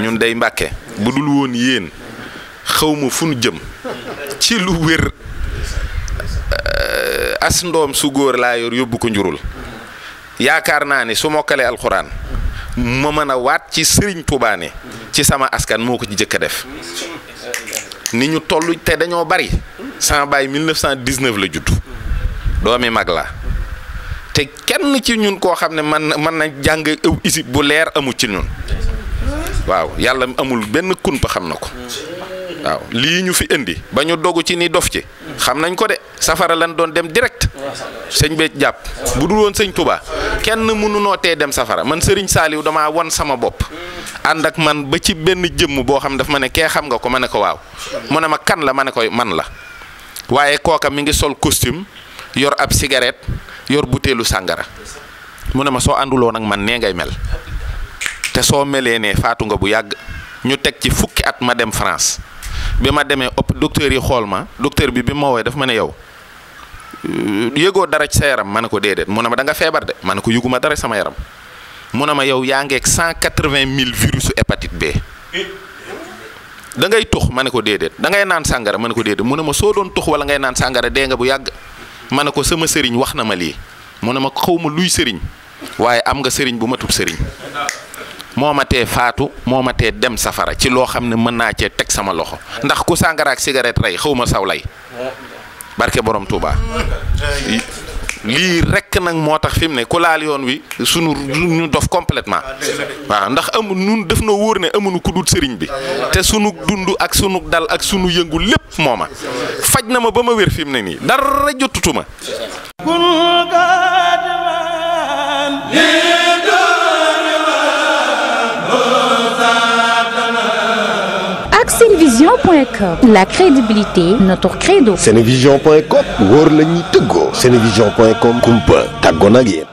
ñun day mbàkke bu dul woon yéen xawma fu jëm ci lu wér euh, as ndoom su góor laa yor yóbbu ko njurul yaakaar naa ni su mokkalee alxuraan ma mën a waat ci sëriñ Tuubaa ci sama askan moo ko ci a def ni ñu toll te dañoo bari sama baay 1919 la judd doomi mag la te kenn ci ñun koo xam ne man mën na jàng ëw isib bu leer amut ci ñun waaw yàlla amul benn kumpa xam na ko waaw lii ñu fi indi ba ñu dogu ci ni dof ci xam nañ ko de safara lan doon dem direct sëñ bee jàpp bu dul woon sëñ tubaa kenn mënu noo tee dem safara man Serigne Saliou dama wan sama bopp ànd ak man ba ci benn jëmm boo xam daf ma ne kee xam nga ko ma ne ko waaw mu ne ma kan la ma ne koy man la waaye kooka mi ngi sol costume yor ab cigarette yor butéelu sàngara mu ne ma soo ànduloon ak man nee ngay mel. te soo melee ne faatu nga bu yàgg ñu teg ci fukki at ma dem France bi ma demee op docteur yi xool ma docteur bi bi ma woowee daf ma ne yow euh, yegoo dara ci sa yaram ma ne ko déedéet mu ne ma da nga feebar de ne ko yëguma dara sama yaram mu ne ma yow yaa ngeeg cent quatre-vingt mille virus hépatite B da ngay tux ma ne ko déedéet da ngay naan sàngara ma ne ko déedéet mu ne ma soo doon tux wala ngay naan sàngara dee nga bu yàgg ma ne ko sama sëriñ wax na ma lii mu ne ma xaw ma luy sëriñ waaye am nga sëriñ bu ma tub sëriñ moo ma tee faatu moo ma dem safara ci loo xam ne mën naa cee teg sama loxo ndax ku sàngaraak cigarette rey xaw ma saw lay barke boroom Touba lii rekk nag moo tax fi mu ne ku laal yoon wi sunu ñu dof complètement waaw ndax amu nu def na wóor ne amuñu ku dul sëriñ bi te sunu dund ak sunu dal ak sunu yëngu lépp moo ma faj na ma ba ma wér fi mu ne nii dara jotutuma vision.com la crédibilité notre credo Senevision.com world la ñuy tëggoo kumpa tàggoon